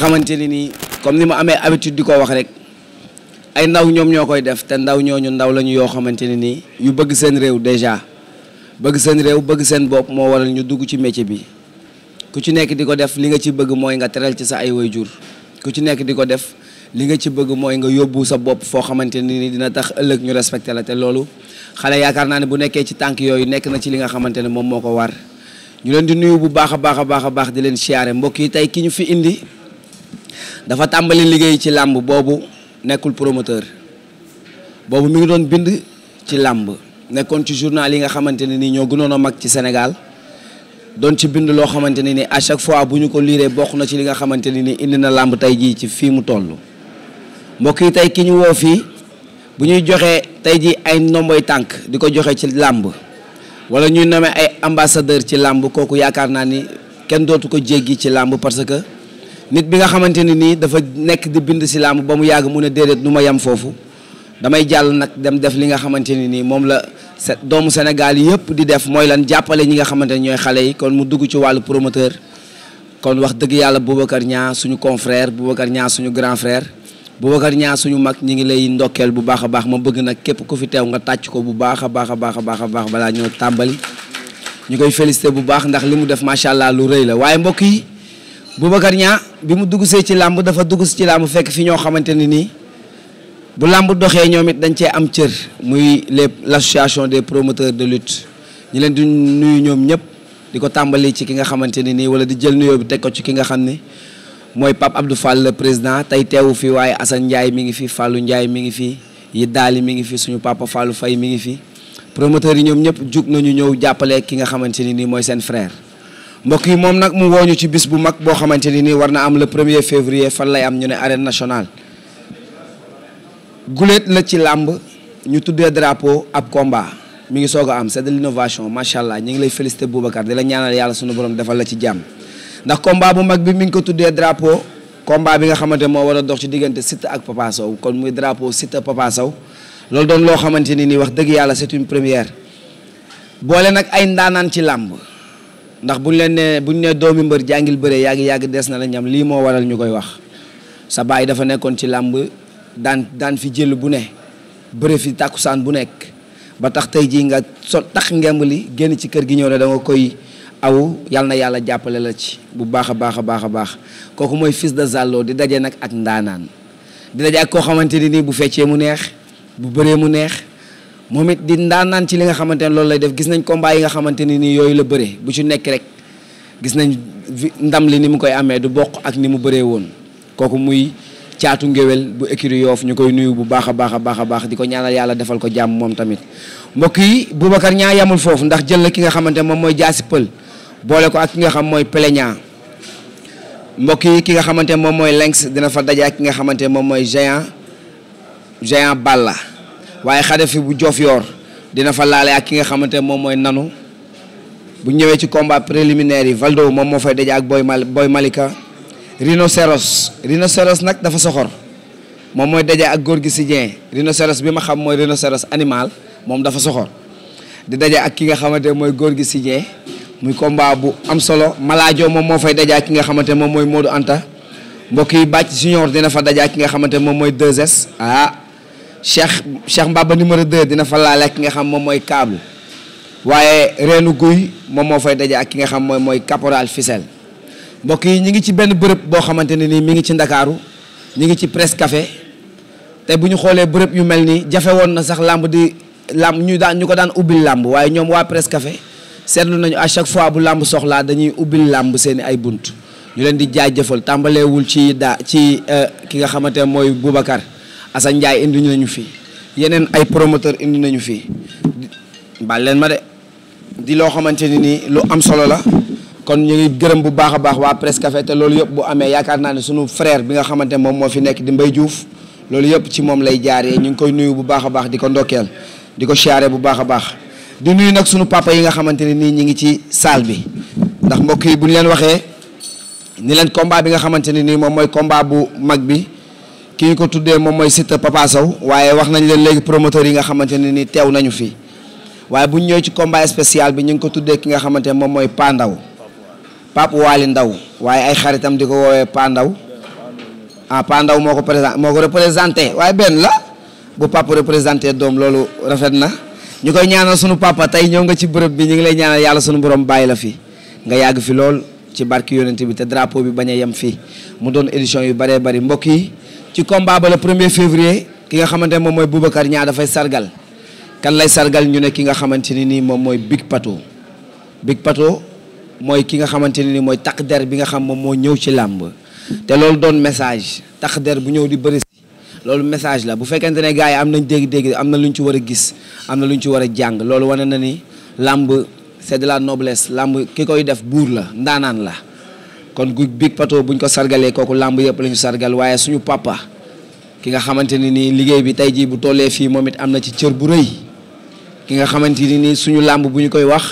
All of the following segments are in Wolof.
xamante ne nii comme ni ma amee habitude di ko wax rek ay ndaw ñoom ñoo koy def te ndaw ñoo ñu ndaw lañu yoo xamante ne nii yu bëgg seen réew déjà bëgg seen réew bëgg seen bopp moo waral ñu dugg ci métier bi ku ci nekk di ko def li nga ci bëgg mooy nga teral ci sa ay waajur ku ci nekk di ko def li nga ci bëgg mooy nga yóbbu sa bopp foo xamante nii dina tax ëllëg ñu respecté la te loolu xale yaakaar naa ne bu nekkee ci tànk yooyu nekk na ci li nga xamante ne moom moo ko war ñu leen di nuyu bu baax a baax a baax baax di leen siyaare mbokk yi dafa tàmbali liggéey ci làmb boobu nekkul promoteur boobu mu ngi doon bind ci làmb nekkoon ci journal yi nga xamante ne nii ñoo gënoon a mag ci Sénégal doon ci bind loo xamante ne ni à chaque fois bu ñu ko liiree bokk na ci li nga xamante ne ni indi na làmb tey jii ci fii mu tollu mbokk yi tey ki ñu woo fii bu ñuy joxe tey jii ay ndomboy tànk di ko joxe ci làmb wala ñuy nommé ay ambassadeur ci làmb kooku yaakaar naa ni kenn dootu ko jéggi ci làmb parce que nit bi nga xamante ne nii dafa nekk di bind si làmb ba mu yàgg mu ne déedéet nu ma yem foofu damay jàll nag dem def li nga xamante ne nii moom la doomu Sénégal yëpp di def mooy lan jàppale ñi nga xamante ne ñooy xale yi kon mu dugg ci wàllu promoteur kon wax dëgg yàlla Boubacar Niang suñu confrère Boubacar Niang suñu grand frère Boubacar Niang suñu mag ñi ngi lay ndokkeel bu baax a baax ma bëgg nag képp ku fi teew nga tàcc ko bu baax a baax a baax a baax a baax balaa ñoo tàmbali ñu koy félicité bu baax ndax li mu def macha allah lu rëy la mbokk bi mu dugg see ci làmb dafa dugg ci làmb fekk fi ñoo xamante ne nii bu làmb doxee ñoom it dañ cee am cër muy les l' association des promoteurs de lute ñu leen di nuyu ñoom ñëpp di ko tàmbali ci ki nga xamante ne nii wala di jël nuyoo bi teg ko ci ki nga xam ni mooy pap Abdou Fall président tey teewu fi waaye Assane Ndiaye mi ngi fi Fallou njaay mi ngi fi yi daali mi ngi fi suñu papa Fallou Faye mi ngi fi promoteurs yi ñoom ñëpp jug nañu ñëw jàppale ki nga xamante ne nii mooy seen frère. mbokk yi moom nag mu wooñu ci bis bu mag boo xamante ni nii war na am la premier février fan lay am ñu ne arène nationale guléet la ci làmb ñu tuddee drapeau ab combat mu ngi soog a am c'est de l'innovation macha allah ñu ngi lay féliciter Boubacar di la ñaanal yàlla suñu borom defal la ci jàmm ndax combat bu mag bi mi ngi ko tuddee drapeau combat bi nga xamante moo war a dox ci diggante sit ak Papa Sow kon muy drapeau Siteu Papa Sow loolu doon loo xamante ni nii wax dëgg yàlla c'est une boole nag ay ndaanaan ci làmb ndax ñu leen nee bu buñ ne doomi mbër jàngil bëre yàgg yàgg des na la ñam lii moo waral ñu koy wax sa baay dafa nekkoon ci làmb daan daan fi jël bu ne bëre fi tàkkusaan bu nekk ba tax tey jii nga so tax ngemb li génn ci kër gi ñëw ne da koy aw yal na yàlla jàppale la ci bu baax a baax a baax a baax kooku mooy fils de Zallo di daje nag ak ndaanaan di daje ak koo xamante ni nii bu feccee mu neex bu bëree mu neex moom it di ndaanaan ci li nga xamante ne loolu lay def gis nañ combat yi nga xamante ne nii yooyu la bëree bu ci nekk rek gis nañ ndam li ni mu koy amee du boq ak ni mu bëree woon kooku muy caatu ngéwél bu écurie Yoff ñu koy nuyu bu baax a baax a baax a baax di ko ñaanal yàlla defal ko jàmm moom tamit mbokk yi Boubacar ñaa yamul foofu ndax jël na ki nga xamante moom mooy jaasi pël boole ko ak ki nga xam mooy pléña mbokk yi ki nga xamante moom mooy lynx dina fa daje ki nga xamante moom mooy géant géant Balla waaye Xadafi bu jof yoor dina fa laale ak ki nga xamante ne moom mooy nanu bu ñëwee ci combat préliminaire yi Valdo moom moo fay daje ak Boy Mal Boy Malika Rhinocéros Rhinocéros nag dafa soxor moom mooy daje ak góor gi si Dieng Rhinocéros bi ma xam mooy Rhinocéros animal moom dafa soxor di daje ak ki nga xamante ne mooy góor gi si muy combat bu am solo malaajoo moom moo fay dajaa ki nga xamante ne moom mooy Modou Anta mbokk yi bàcc junior dina fa daje ki nga xamante ne moom mooy 2S ah. Cheikh Cheikh Mbaba numéro 2 dina fa laale ak ki nga xam moom mooy câble waaye reenu guy moom moo fay daje ak ki nga xam mooy mooy caporal ficelle mbokk yi ñu ngi ci benn bërëb boo xamante ne nii mi ngi ci ndakaaru ñu ngi ci presse café te bu ñu xoolee bërëb yu mel nii jafe woon na sax làmb di làmb ñu daan ñu ko daan ubbil làmb waaye ñoom waa presse café seetlu nañu à chaque fois bu làmb soxlaa dañuy ubbil làmb seeni ay bunt ñu leen di jaajëfal tàmbaleewul ci daa ci euh, ki nga xamante mooy Boubacar Assane Ndiaye indi nañu fii yeneen ay promoteur indi nañu fii baal leen ma de di loo xamante ni nii lu am solo la kon ñu ngi gërëm bu baax a baax waa presque Café te loolu yëpp bu amee yaakaar naa ne sunu frère bi nga xamante moom moo fi nekk di Mbaye Diouf loolu yëpp ci moom lay jaaree ñu ngi koy nuyu bu baax a baax di ko ndokkeel di ko siyaare bu baax a baax di nuyu nag sunu papa yi nga xamante ne nii ñu ngi ci salle bi ndax mbokk yi bu ñu leen waxee ni leen combat bi nga xamante ne nii moom mooy combat bu mag bi. ki ñu ko tuddee moom mooy Siteu Papa Sow waaye wax nañ leen léegi promoteurs yi nga xamante ne nii teew nañu fi waaye bu ñu ñëwee ci combat spécial bi ñu ngi ko tuddee ki nga xamante ne moom mooy Pa Ndaw Pape Ndaw waaye ay xaritam di ko woowee Pa Ndaw ah moo ko présent moo ko représenté waaye benn la bu papa représenté doom loolu rafet na ñu koy ñaanal sunu papa tey ñëw nga ci bërëb bi ñu ngi lay ñaanal yàlla sunu borom bàyyi la fi nga yàgg fi lool ci barki yonent bi te bi bañ a yem fii mu doon édition yu bëree bëri mbokk yi. ci combat ba le premier février ki nga xamante ne moom mooy Boubacar ñaa dafay sargal kan lay sargal ñu ne ki nga xamante ne nii moom mooy Big Pato Big Pato mooy ki nga xamante ne nii mooy takk der bi nga xam moom moo ñëw ci làmb te loolu don message takk der bu ñëw di bëri loolu message la bu fekkente ne gars yi am nañ dégg-dégg am na lu ñu ci war a gis am na lu ñu ci war a jàng loolu wane na ni làmb c'est de la noblesse làmb ki koy def buur la ndaanaan la kon gu big pato buñ ko sargalee kooku làmb yëpp la ñu sargal waaye suñu papa ki nga xamante ne nii liggéey bi tey jii bu tollee fii moom it am na ci cër bu rëy ki nga xamante ne nii suñu làmb bu ñu koy wax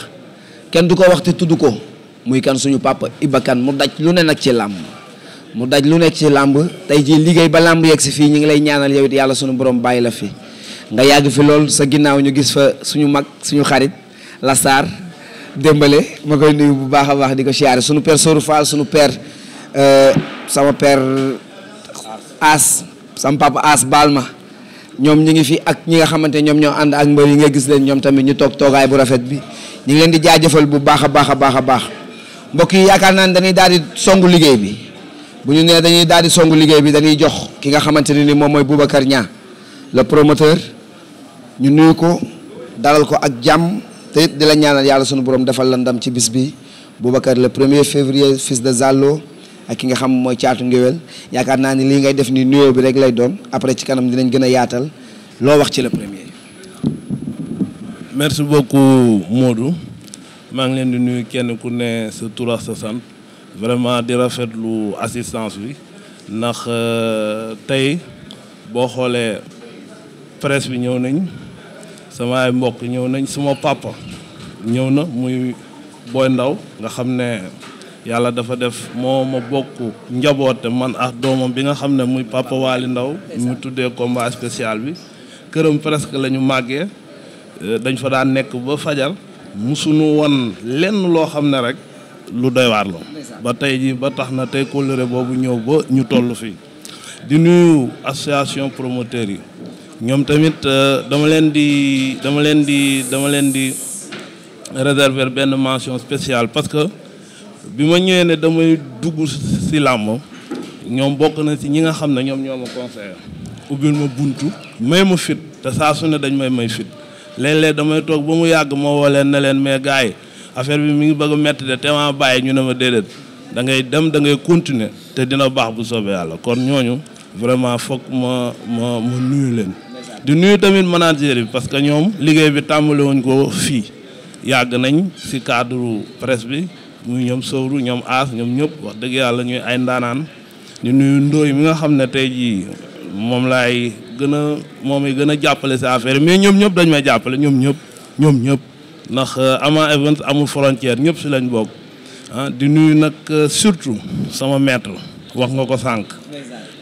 kenn du ko wax te tudd ko muy kan suñu papa Iba Kane mu daj lu ne nag ci làmb mu daj lu nekk ci làmb tey jii liggéey ba làmb yegg si fii ñu ngi lay ñaanal yow yàlla suñu borom bàyyi la fi nga yàgg fi lool sa ginnaaw ñu gis fa suñu mag suñu xarit démbale ma koy nuyu bu baax a baax di ko siyaare suñu père Sourou Fall sunu per euh, sama père As sama papa As Balma ñoom ñu ngi fii ak ñi nga xamante ñoom ñoo ànd ak mbër yi nga gis leen ñoom tamit ñu toog toogaay bu rafet bi ñu ngi leen di jaajëfal bu baax baax baax a baax mbokk yi yaakaar naa ne dañuy daal di songu liggéey bi bu ñu nee dañuy daal di songu liggéey bi dañuy jox ki nga xamante ne ni moom mooy Boubacar ñaa le promoteur ñu nuyu ko dalal ko ak jàmm te it di la ñaanal yàlla sunu borom defal la ndam ci bis bi bu Boubacar le premier février fils de Zallo ak ki nga xam mooy caatu ngéwél yaakaar naa ni li ngay def ni nuyoo bi rek lay doon après ci kanam dinañ gën a yaatal loo wax ci le premier. merci beaucoup Modou maa ngi leen di nuyu kenn ku ne sa tur sa sant vraiment di rafet lu assistance bi ndax euh, tey boo xoolee presse bi ñëw nañ. samay mbokk ñëw nañ suma papa ñëw na muy booy ndaw nga xam ne yàlla dafa def moo ma bokk njaboote man ak doomam bi nga xam ne muy papa ndaw mu tuddee combat spécial bi këram presque la ñu màggee euh, dañ fa daan nekk ba fajar musunu woon lenn loo xam ne rek lu doy waar la ba tey ji ba tax na tey kóllëre boobu ñëw ba ñu toll fii di nuyu association promoteurs yi ñoom tamit euh, dama leen di dama leen di dama leen di réserver benn mention spéciale parce que bi ma ñëwee ne damay dugg ci làmb ñoom bokk na ci ñi nga xam ne ñoom ñoo ma conseillé ubbil ma buntu may ma fit te saa su ne dañ may may fit léeg-léeg damay toog ba mu yàgg ma woo leen ne leen mais gars yi affaire bi mi ngi bëgg a métti de te ma bàyyi ñu ne ma déedéet da ngay dem da ngay continuer te dina baax bu soobee yàlla kon ñooñu vraiment foog ma ma ma nuyu leen. di nuyu tamit manager bi parce que ñoom liggéey bi tàmbali wuñ ko fii yàgg nañ si cadre presse bi muy ñoom Sowru ñoom As ñoom ñëpp wax dëgg yàlla ñuy ay ndaanaan di nuyu ndooy mi nga xam ne tey jii moom lay gën a moom i gën a jàppale si affaire mais ñoom ñëpp dañ may jàppale ñoom ñëpp ñoom ñëpp ndax euh, Ama Events amul frontière ñëpp si lañ bokk ah di nuyu nag euh, surtout sama maître wax nga ko sànq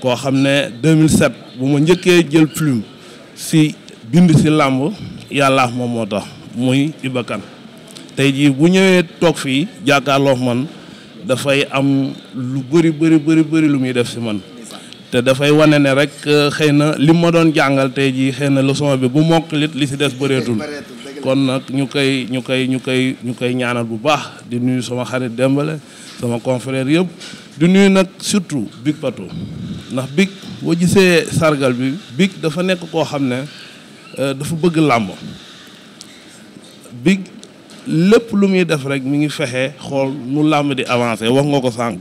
koo xam ne 2007 bu ma njëkkee jël plume si bind si làmb yàlla moom moo tax muy Iba Kane tey jii bu ñëwee toog fii jàkkaarloo man dafay am lu bëri bëri bëri bëri lu muy def si man te dafay wane ne rek euh, xëy na li ma doon jàngal tey jii xëy na leçon bi bu mokkalit li si des bëreetul kon nag ñu koy ñu koy ñu koy ñu koy ñaanal bu baax di nuyu sama xarit Dembale sama confrère yëpp di nuyu nag surtout Big Pato ndax bigg boo gisee sargal bi big dafa nekk koo xam ne euh, dafa bëgg làmb big lépp lu muy def rek mu ngi fexe xool nu làmb di avancé wax nga ko sànq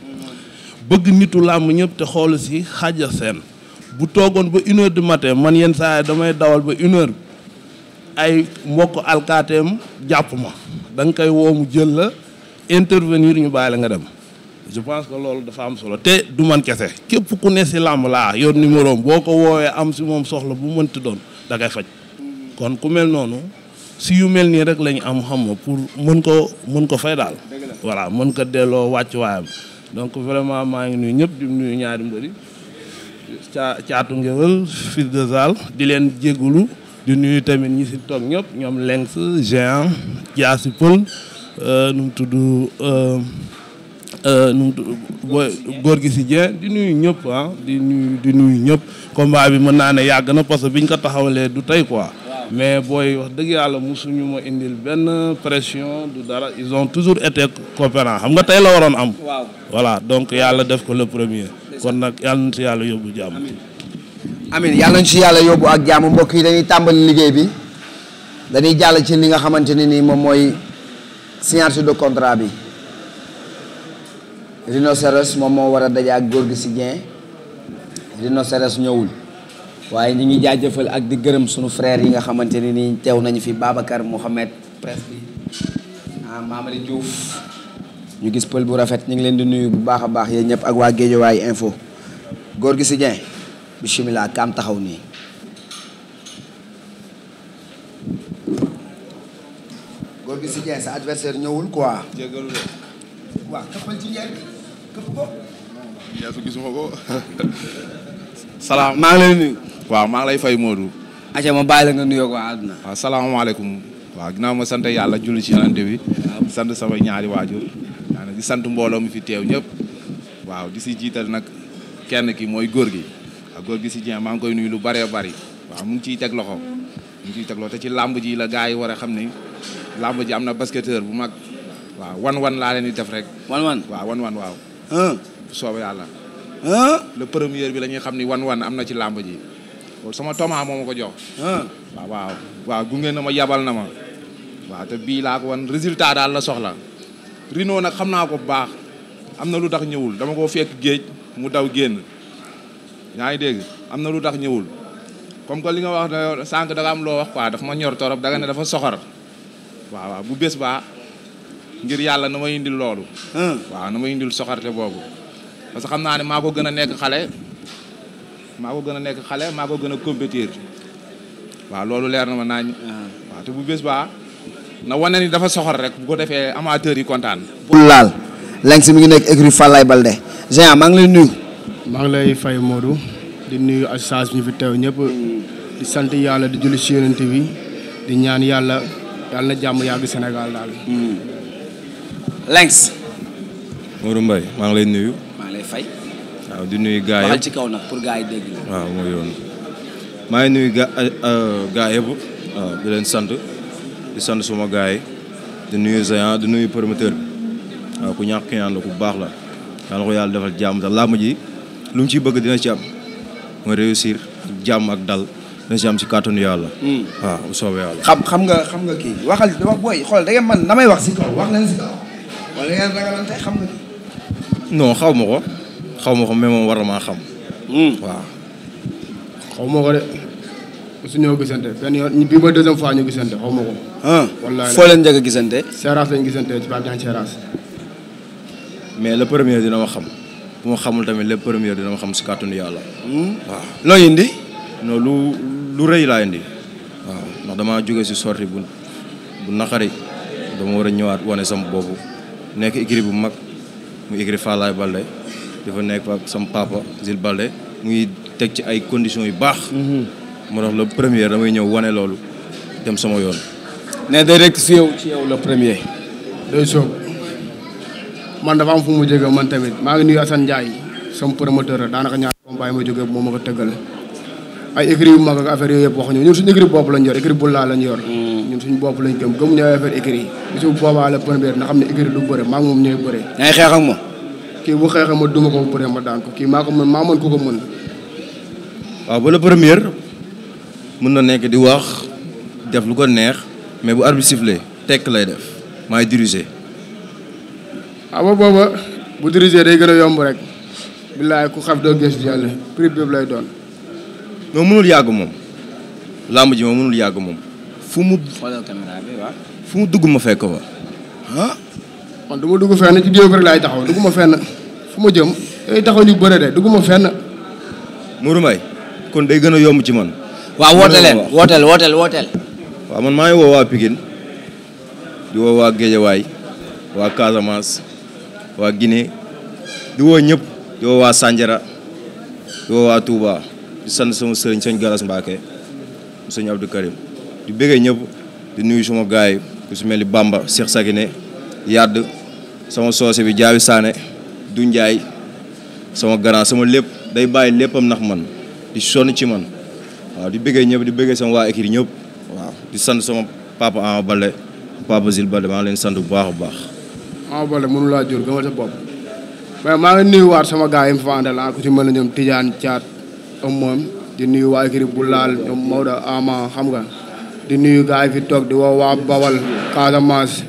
bëgg nitu làmb ñëpp te xoolu si xaaja seen bu toogoon ba une heure du matin man yenn saa damay dawal ba une ay mbokk alkaateem jàpp ma danga koy woomu jël la intervenir ñu bàyyi la nga dem je pense que loolu dafa am solo te du man kese képp ku ne si làmb laa yor numéro boo ko woowee am si moom soxla bu mënti doon da faj kon ku mel noonu si yu mel nii rek lañu am xam nga pour mën ko mën ko fay daal voilà mën ko delloo wàcc waayam donc vraiment maa ngi nuyu ñëpp di nuyu ñaari mbëri caa caatu ngéwël fils de Zal di leen jéggulu di nuyu tamit ñi si toog ñëpp ñoom lengs géant jaasi pël euh, nu mu tudd euh, Euh, góor gi si Dieng di nuyu ñëpp ah di nuyu di nuyu ñëpp combat bi mën naa ne yàgg na parce que biñ ko taxawlee du tey quoi. mais booy wax dëgg yàlla mosuñu ma indil benn pression du dara ils ont toujours été coopérants xam nga tey la waroon am. waaw voilà donc yàlla def ko le premier. kon nag yàlla na si yàlla yóbbu jàmm. amiin yàlla na si yàlla yóbbu ak jàmm mbokk yi dañuy tàmbali liggéey bi dañuy jàll ci li nga xamante ne ni moom mooy signature de contrat bi. rhinocéros moom moo war a daje góor gi si Dieng rhinocéros ñëwul waaye ñu ngi jaajëfal ak di gërëm suñu frère yi nga xamante ne nii teew nañu fi Babacar Mouhamed presse bi ah Mamadi ñu gis pël bu rafet ñu ngi leen di nuyu bu baax a baax yéen ñëpp ak waa Géejawaay info góor gi si Dieng bisimilah kaam taxaw nii. góor gi si Dieng ñëwul quoi. jégalu këpp ko. yeesu gisuma ko. salaam maa ngi lay waaw maa lay fay Modou. acca ma bàyyi la nga nuyoo ko àdduna. waaw salaamaaleykum. waaw ginnaaw ma sant yàlla julli ci yonante bi. waaw sant sama ñaari waajur. di sant mbooloo mi fi teew ñëpp. waaw di si jiital nag kenn ki mooy góor gi. góor gi si Dieng maa ngi koy nuyu lu bëree bari waaw mu ngi ciy teg loxo. mu ngi ciy teg loxo te ci làmb ji la gars yi war a xam ni làmb ji am na basketteur bu mag. waaw wan-wan laa leen di def rek. wan wan waaw. bu soobee yàlla. le premier bi la xam ni wan-wan am na ci làmb ji. sama toma moo ma ko jox. waaw waaw waaw gunge na ma yabal na ma. waaw te bii laa ko wan résultat daal la soxla. Rino nag xam naa ko bu baax. am na lu dax ñëwul dama koo fekk géej mu daw génn. yaa ngi dégg am na lu dax ñëwul. comme que li nga wax ne sànq da am loo wax quoi daf ma ñor torop da nga ne dafa soxor. waaw bu bés baa ngir yàlla na ma indil loolu. waaw na ma indil soxarte boobu. parce que xam naa ne maa ko gën a nekk xale maa ko gën a nekk xale maa ko gën a compétir waaw loolu leer na ma naañ. te bu bés ba na wane ni dafa soxor rek bu ko defee amateurs yi kontaan. bu laal leng si mu ngi nekk écurie Falaye Balde Géant maa ngi lay nuyu. maa ngi lay fay Modou di nuyu assistance bi ñu fi teew ñëpp di sant yàlla di julli si bi di ñaan yàlla yàlla na jàmm yàgg Sénégal daal. Lynx. Modou Mbaye maa ngi lay nuyu. maa ngi lay fay. waaw di nuyu gars yi ci kaw nag pour gars yi dégg la. waaw mooy yoon maa ngi nuyu ga gars euh, di leen sant di suma gars yi di nuyu Zayan di nuyu promoteur bi ku ñàkk ñaan la ku baax la yàlla ko yàlla defal jàmm te làmb ji lu mu ciy bëgg dina ci am mooy réussir jàmm ak dal. dina ci am si kàttanu yàlla. Hmm. waaw bu soobee yàlla. nga xam nga kii waxal wax booy man damay wax si kaw kaw. wala xam nga xaw ma ko. xaw ma ko mais moom war na maa xam. Hmm. waaw. xaw ma ko de. su ñëw gisante benn yoon bii mooy deuxième fois ñu gisante xaw ma ko. Ah. wallaahi foo leen njëkk a gisante. Seras lañ gisante ci Pape Diagne Seras. mais le premier dina ma xam. bu xamul tamit le premier dina ma xam si kàttanu yàlla. Hmm? waaw looy indi. non lu lu laa indi. waaw dama jóge si sorti bu naqari dama war a ñëwaat wane sama boobu. nekk écurie bu mag mu écurie Fallaye Balde dafa nekk ak sam papa Zil Balde muy teg ci ay conditions yu baax. Mhm. moo tax le premier damay ñëw wane loolu dem sama yoon. ne day rectifié wu ci yow le premier. day soog man dafa am fu mu jógee man tamit maa ngi nuyu Assane Ndiaye sama promoteur la daanaka ñaar combat yi ma jógee moo ma tëggal ay écurie yu mag ak affaire yooyu yëpp waxuñu ñun suñu écurie bopp lañ yor écurie bu laa lañ yor. Mhm. ñun suñu bopp lañ gëm gëm ñooy affaire écurie yi bisu boobaa la première na xam ne écurie du bëre maa ngi moom ñooy bëre ñooy xeex ak kii bu xeexee ma duma ko bu bëree ma daan ko kii maa ko mën maa mën ku ko mën waaw ba la première mën na nekk di wax def lu ko neex mais bu arbitre sifflé tekk lay def maay diriger waaw ah, booba bu diriger day gën a yomb rek billaay ku xaf doo gis yàlla prix lay doon moom mënul yàgg moom làmb ji moom mënul yàgg moom fu mu. xoolal mu dugg ma fekk ko ah du ma dugg fenn ci géew rek laay taxaw dugg ma fenn fu ma jëm day taxaw ñu bëre de dugg ma fenn. Mourou Mbaye kon day gën a yomb ci man. waaw woote leen wooteel wooteel wooteel. waaw man maa ngi woo waa Pikine di woo waa waa Casamance waa Guinée di woo ñëpp di woo waa di woo waa di sant sama sëriñ sëñ Galas Mbacke sëñ Abdou Karim. di bëggee ñëpp di nuyu suma gars yi ku si mel ni Bamba Cheikh Sakine yàdd sama soose bi jaawi Saane du Njaay sama grand sama lépp day bàyyi léppam nax man di sonn ci man waaw di bëggee ñëpp di bëggee sama waa ñëpp waaw di sant sama papa Ama Baldé papa Zil Baldé maa ngi leen sant bu baax a baax. Ama Baldé mënu laa jur gëmal sa bopp mais maa ngi nuyuwaat sama gars yi mu fa àndal ah, ku ci mel ñoom Tidiane Thiat am moom di nuyu waa équipe bu laal ñoom Maodo Ama xam nga. di nuyu gaay fi toog di woo waa Bawal Casamance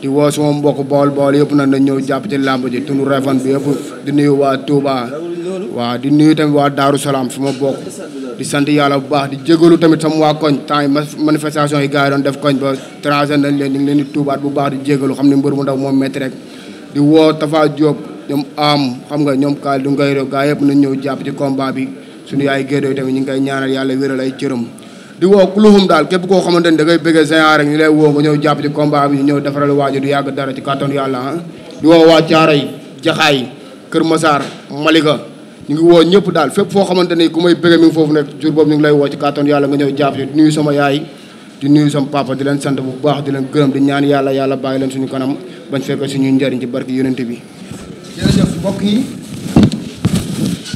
di woo suma mbok Bawal Bawal yëpp na na ñëw jàpp ci làmb ji tunu refan bi yëpp di nuyu waa Touba waaw di nuyu tamit waa Daaru Salaam suma bokk di sant yàlla bu baax di jégalu tamit sama waa koñ temps yi manifestation yi gars yi doon def koñ ba tracé nañ leen ñu ngi leen di tuubaat bu baax di jégalu xam ne mbër mu ndaw moom métti rek di woo Tafa Diop ñoom am xam nga ñoom kaal du ngay réew gaa yëpp nañ ñëw jàpp ci combat bi suñu yaay gédooy tamit ñu ngi koy ñaanal yàlla wéral ay cëram di woo kuluhum daal képp koo xamante ni da ngay bëggee Géant rek ñu lay woo nga ñëw jàpp ci combat bi ñu ñëw defaral waajo du yàgg dara ci kàttan yàlla ah di woo waa Caaroy ñu ngi woo ñëpp daal fépp foo xamante ni ku may bëggee mi ngi foofu nekk jur boobu ñu ngi lay woo ci kàttan yàlla nga ñëw jàpp ci nuyu sama yaay di nuyu sama papa di leen sant bu baax di leen gërëm di ñaan yàlla yàlla bàyyi leen suñu kanam bañ fekk suñuy njëriñ ci barki yonente bi jërëjëf mbokk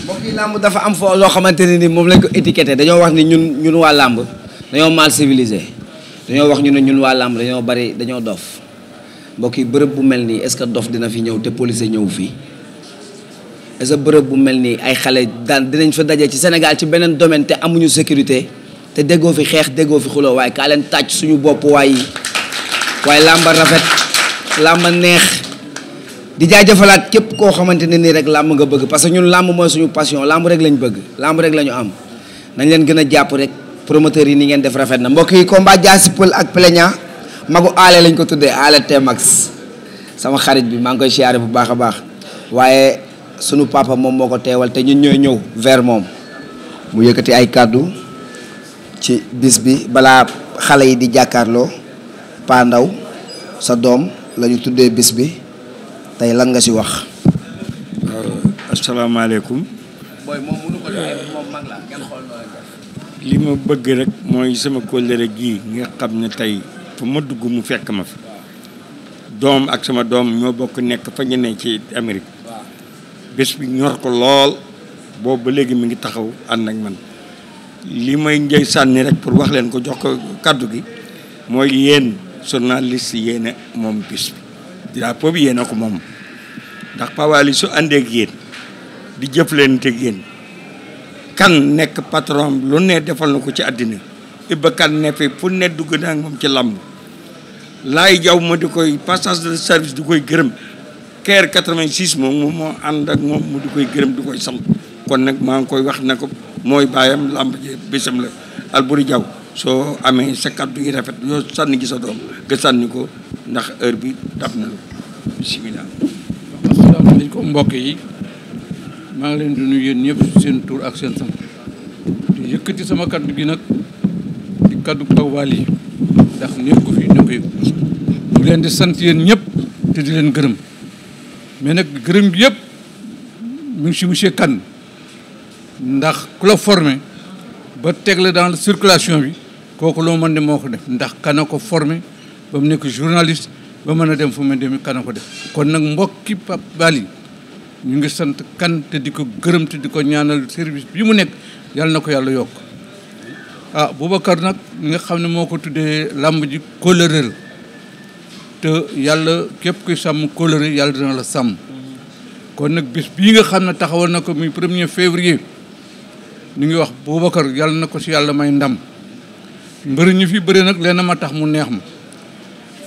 mbokk yi làmb dafa am foo loo xamante ne ni moom lañ ko étiqueté dañoo wax ni ñun ñun waa làmb dañoo mal civilisé dañoo wax ñu ne ñun waa làmb dañoo bari dañoo dof mbokk yi bërëb bu mel nii est-ce que dof dina fi ñëw te police ñëw fii est-ce que bërëb bu mel nii ay xale daan dinañ fa daje ci Sénégal ci beneen domaine te amuñu sécurité te déggoo fi xeex déggoo fi xuloo waaye kaa leen tàcc suñu bopp waay waaye làmba rafet làmba neex di jaajëfalaat képp koo xamante ne nii rek làmb nga bëgg parce que ñun làmb mooy suñu passion làmb rek lañ bëgg làmb rek la am nañ leen gën a jàpp rek promoteurs yi ni ngeen def rafet na mbokk yi combat Diassy Peulh ak Plaignant magu ale lañ ko tuddee aale Tmax sama xarit bi maa ngi koy siyaare bu baax a baax waaye sunu papa moom moo ko teewal te ñun ñooy ñëw vers moom mu yëkkati ay kàddu ci bis bi balaa xale yi di jàkkaarloo Pa Ndaw sa doom la ñu tuddee bis bi tey lan nga ci wax. Euh, asalaamaaleykum. li ma bëgg rek mooy sama kóllëre gii nga xam ne tey fa ma dugg mu fekk ma fi doom ak sama doom ñoo bokk nekk fa ñu ne ci Amérique bés bi ñor ko lool boobu ba léegi mi ngi taxaw ànd ak man li may njëy sànni rek pour wax leen ko jox ko kàddu gi mooy yéen journaliste yéen moom bés bi drapeau bi yéen ko moom ndax Pawali su àndee yéen di jëflante yéen kan nekk patron lu ne defal na ko ci àddina Iba kan ne fi fu ne dugg naa moom ci làmb laay jaw ma di koy passage de service du koy gërëm keer 86 moom moo ànd ak moom mu di koy gërëm du koy sant kon nag maa ngi koy wax ne ko mooy bàyyam làmb ji bésam la Alboury Diaw soo amee sa kaddu yi rafet yoo sànni gisa doom nga sànni ko ndax heure bi dab na bisimilah. asalaamaaleykum mbokk yi maa ngi leen di nuyu yéen ñëpp seen tour ak seen sant di yëkkati sama kàddu gi nag di kaddu kaw waal yi ndax néew ko fii néew ko leen di yéen ñëpp te di leen gërëm mais nag gërëm bi yëpp mu ngi si monsieur Kane ndax ku la formé ba tegle la dans la circulation bi. kooku loo mën de moo ko def ndax kana ko formé ba mu nekk journaliste ba mën a dem fu mu dem kana ko def kon nag mbokki Pape Bali ñu ngi sant kan te di ko gërëm te di ko ñaanal service bi mu nekk yàlla na ko yàlla yokk ah Boubacar nag nga xam ne moo ko tuddee làmb ji kóllëre la te yàlla képp kuy sàmm kóllëre yàlla dina la sàmm kon nag bis bii nga xam ne taxawal na ko muy premier février ñu ngi wax Boubacar yàlla na ko si yàlla may ndam mbër ñu fi bëri nag lenn ma tax mu neex ma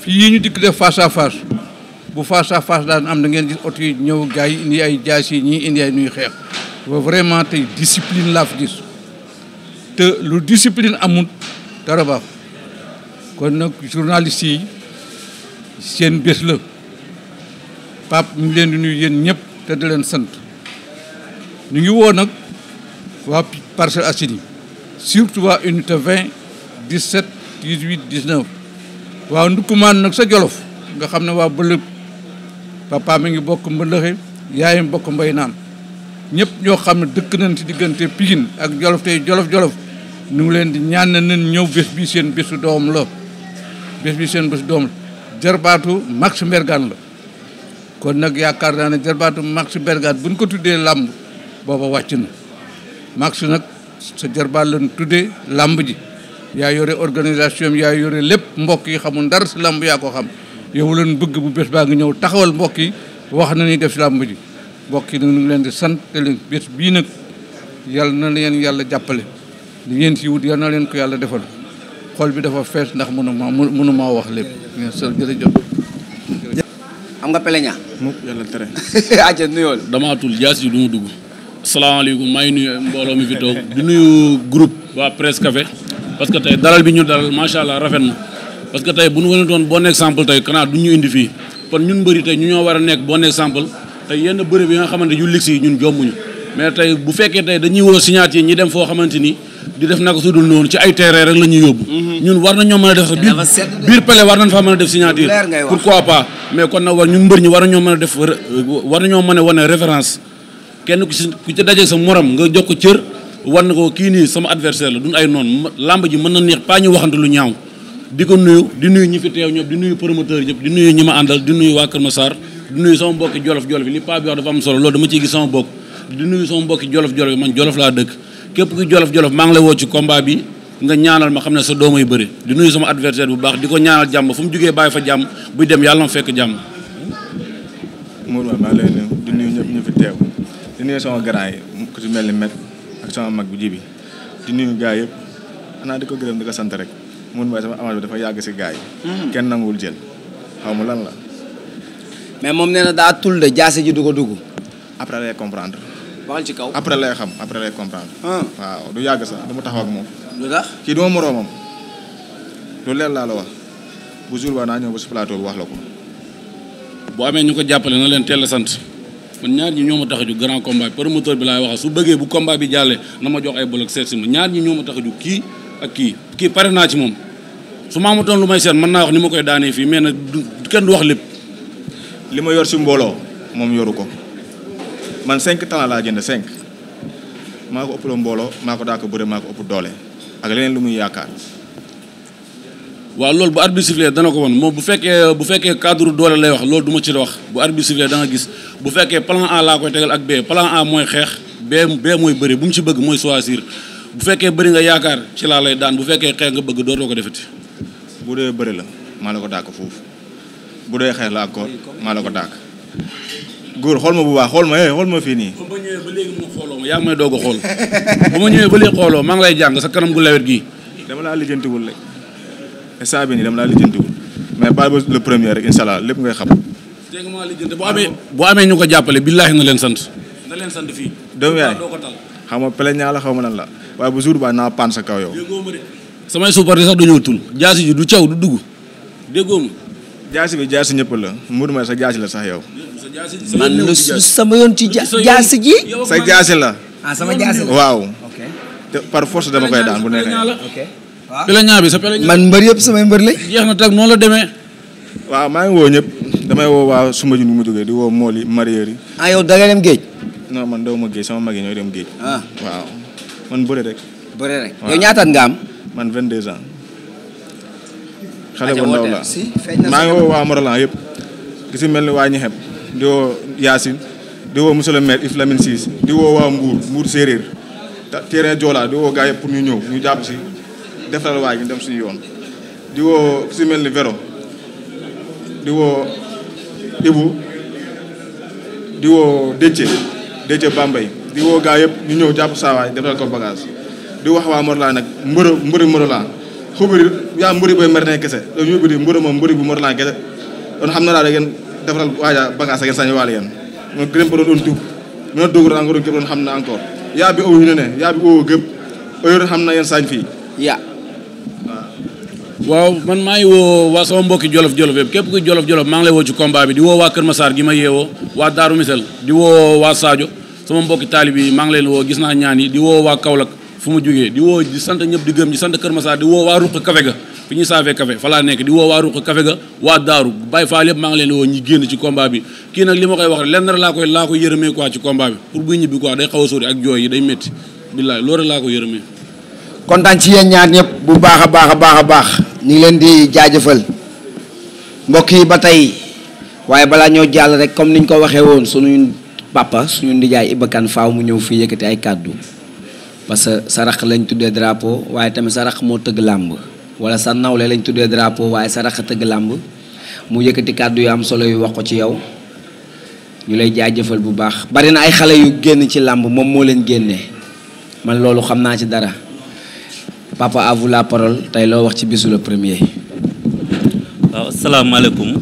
fii ñu dikk def face à face bu face à face daan am da ngeen gis oto ñëw gars yi indi jaas yi ñii indi nuy xeex ba vraiment tey discipline laa fi gis te lu discipline amul dara baax kon nag journaliste yi seen bés la Pape ñu leen di nuy yéen ñëpp te di leen sant ñu ngi woo nag waa Parcelles Assainies surtout waa unité 20 17 18 19 waaw ndukkumaan nag sa jolof nga xam ne waa bëlëb papa mi ngi bokk mbëndëxe yaayam bokk mbay naan ñëpp ñoo xam ne dëkk nañ ci diggante Pikine ak jolof tey jolof-jolof ñu ngi leen di ñaan nañ ñëw bés bi seen bésu doom la bés bi seen bésu doom la jarbaatu Max Mbergane la kon nag yaakaar naa ne jarbaatu Max Mbergane buñ ko tuddee làmb booba wàcc na Max nag sa jarbaat lañ tuddee làmb ji yaa yore organisation yaa yore lépp mbokk yi xamul ndar si làmb yaa ko xam yow leen bëgg bu bés baa ngi ñëw taxawal mbokk yi wax na ni def si làmb ji mbokk yi ñu ngi leen di sant te leen bii nag yàlla na leen yàlla jàppale li ngeen si wut yàlla na leen ko yàlla defal xol bi dafa fees ndax mënu maa mënu maa wax lépp jërëjëf am nga peleña mu yàlla tere aca nuyool damaa tul jaas yi du ma dugg asalaamaaleykum maa ngi nuyu mbooloo mi fi toog di nuyu groupe waa presse café parce que tey dalal bi ñu dalal macha allah rafet na parce que tey bu ñu wanetoon bon exemple tey kanaa du ñu indi fii kon ñun mbëri tey ñu ñoo war a nekk bon exemple tey yenn bëri bi nga xamante yu ligsi ñun jombuñu mais tey bu fekkee tey dañuy woo signature ñi dem foo xamante ni di def naka su dul noonu ci ay terrain rek la yóbbu mhm. ñun war na ñoo mën a def biir biir pale war nañ faa mën a def signature pourquoi pas mais kon nag war ñun mbër ñi war nañoo mën a def war nañoo mën war na ko kii nii sama adversaire la duñ ay noonu làmb ji mën na neex pas ñu waxante lu ñaaw di ko nuyu di nuyu ñu fi teew ñëpp di nuyu promoteur ñëpp di nuyu ñi ma àndal di nuyu waa Kër Massar di nuyu sama mbokki jolof jolof yi li paa bi wax dafa am solo loolu dama ciy gis sama bokk di laa dëkk képp ki jolof jolof maa ngi lay woo ci combat bi nga ñaanal ma xam ne sa doomay bëri di nuyu sama adversaire bu baax di ko ñaanal jàmm fu mu jugee bàyyi fa jàmm buy dem yàlla fekk jàmm. Mourou maa ngi lay nuyu di nuyu ñëpp ñu fi teew ku ci mel ni sama mag bi jibi di nuyu gars yëpp xanaa di ko gërëm di ko sant rek mun waaye sama avance bi dafa yàgg si gars yi hmm. kenn nanguwul jël xaw ma lan la mais moom nee na daa tul de jaase ji du ko dugg après lay comprendre waxal ci xam après lay comprendre hmm. waaw du yàgg sax mu taxaw ak moom lu tax kii du ma moroomam lu leer laa la wax bu jour ba naa ñëw ba si plateau bi wax la ko boo amee ñu ko jàppale na leen teel a sant man ñaar ñi ñoo ma tax a jug grand combat bi bi laay wax su bëggee bu combat bi jàllee na ma jox ay bolok seet si ma ñaar ñi ñoo ma kii ak kii kii pare naa ci moom su ma amutoon lu may seet mën naa wax ni ma koy daanee fii mais nag kenn du wax lépp. li ma yor si mbooloo moom yoru ko man cinq temps laa jënd cinq maa ko ëpp la mbooloo maa ko daa ko bëre maa ko ëpp doole ak leneen lu muy yaakaar. waaw loolu bu arbitre sifflé dana ko woon moom bu fekkee bu fekkee cadre doole lay wax loolu duma ma ci wax bu arbitre sifflé da nga gis bu fekkee plan A laa koy tegal ak B plan A mooy xeex B B mooy bëri bu mu ci bëgg mooy choisir bu fekkee bëri nga yaakaar ci laa lay daan bu fekkee xeex nga bëgg dootoo ko defati. bu dee bëri la maa la ko dàkk foofu bu dee xeex la ko maa la ko dàkk. góor xool ma bu baax xool ma eh xool ma fii nii. ba ma ñëwee ba léegi mu xooloo ma yaa ngi may xool ba xooloo maa ngi lay jàng sa kanam gu lawet gii. dama laa lijjantiwul rek. instant bi nii dama laa lijjantiwul mais baal ba le premier rek incha allah lépp ngay xam. dégg nga maa lijjanti bu amee bu amee ñu ko jàppale billaahi na leen sant. na leen sant fii. doomu yaay doo ma plaignant la xaw ma nan la waaye bu jour ba naa paan sa kaw yow. déggoo ma de samay suupar sax tul jaasi ji du caw du dugg jaasi bi jaasi ñëpp la Mourou Mbaye sa jaasi la sax yow. la sama yoon ci jaasi ji. sa jaasi la. ah sama jaasi la waaw. par force dama koy daan bu nekkee. peleñaa bi sa peleñaa man mbër yëpp samay mbër lañ. jeex na tag noonu la demee. waaw maa ngi woo ñëpp damay woo waa suma ji nu mu jógee di woo mool yi mareyeur yi. ah yow da nga dem géej. non man ma géej sama mag yi ñooy dem géej. Ah. waaw man bëre rek. bëre rek yow ñaataat nga man 22 ans. xale bu ndaw la maa ngi woo waa Moralan yëpp. gis mel ni waa Ñexem di woo Yacine di woo monsieur le maire Yves Lamine di woo waa Mbour Mbour séeréer terrain Joola di woo gaa yëpp pour ñu ñëw ñu jàpp si. defal waay ñu dem suñu yoon di si mel ni Véro di woo Ibou di woo Déthié Déthié gaa yëpp ñu ñëw jàpp saawaay defal ko bagage di wax waa Morlan nag mbërë mbërë Morlan xubiri yaa mbëri boy mer ne kese do ñu bidi mbërë moom mbëri bu Morlan kese don xam na laa da ngeen defaral waaja bagage ngeen sañu waale yeen mo gërëm ko doon tuub mën a dóogur encore képp xam na encore yaa bi ow ñu ne ne yaa bi ow gëpp heure xam na yeen sañ fii yaa waaw man maa ngi woo waa sama mbokki jolof-jolof yëpp képp ku jolof maa ngi lay woo ci combat bi di woo waa Kër Massar gi ma yeewoo waa Daaru Misel di woo waa Sadio sama mbokki taalib yi maa ngi leen woo gis naa ñaan yi di woo waa Kaolack fu ma jógee di woo di ñëpp di gëm di sant Kër Massar di woo waa ruq kafe ga fi ñuy saafee nekk di woo waa ruq kafe ga waa daaru Baye Fall yëpp maa ngi leen woo ñi génn ci combat bi kii nag li koy wax rek lenn laa ko yërëmee quoi ci combat bi pour buy ñibbi quoi day ak jooy yi day métti billaay loolu rek laa ko yërëmee kontaan ci yéen ñaar ñëpp bu baax a baax a baax a baax ñu ngi leen di jaajëfal mbokk yi ba tey waaye balaa ñoo jàll rek comme niñ ko waxee woon suñu papa suñu ndijaay Iba Kane faaw mu ñëw fii yëkkati ay kàddu parce que sa rax lañ tuddee drapeau waaye tamit sa rax moo tëgg làmb wala sa nawle lañ tuddee drapeau waaye sa rax tëgg làmb mu yëkkati kàddu yi am solo yu wax ko ci yow ñu lay jaajëfal bu baax bari na ay xale yu génn ci làmb moom moo leen génnee man loolu xam naa ci dara papa à vous la parole tey loo wax ci bisu le premier. waaw asalaamaaleykum.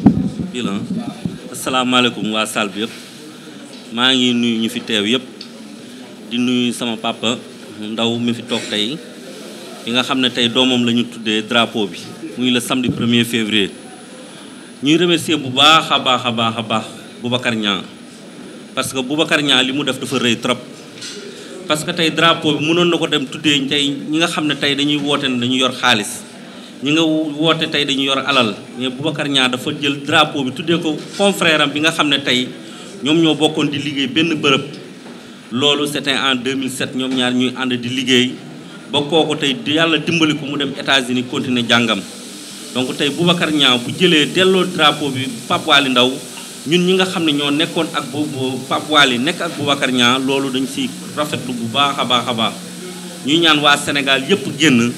bilan asalaamaaleykum waa salle bi yëpp maa ngi nuyu ñu fi teew yëpp di nuyu sama papa ndaw mu fi toog tey yi nga xam ne tey doomam la ñu tuddee drapeau bi muy la samedi premier février ñuy remercier bu baax a baax a baax a baax Boubacar Niang parce que Boubacar Niang li mu def dafa rëy trop parce que tey drapeau bi mënoon na ko dem tuddee tey ñi nga xam ne tey dañuy woote ne dañu yor xaalis ñi nga woote tey dañu yor alal mais Boubacar Niang dafa jël drapeau bi tuddee ko confrère am bi nga xam ne tey ñoom ñoo bokkoon di liggéey benn bërëb loolu c'était en 2007 ñoom ñaar ñuy ànd di liggéey ba kooku tey yàlla dimbali ko mu dem états uni continuer jàngam donc tey Boubacar Niang bu jëlee delloo drapeau bi Pape Ndaw ñun ñi nga xam ne ñoo nekkoon ak boobu Pape Waly nekk ak Boubacar ñaa loolu dañ si rafetu bu baax a baax a baax ñuy ñaan waa Sénégal yépp génn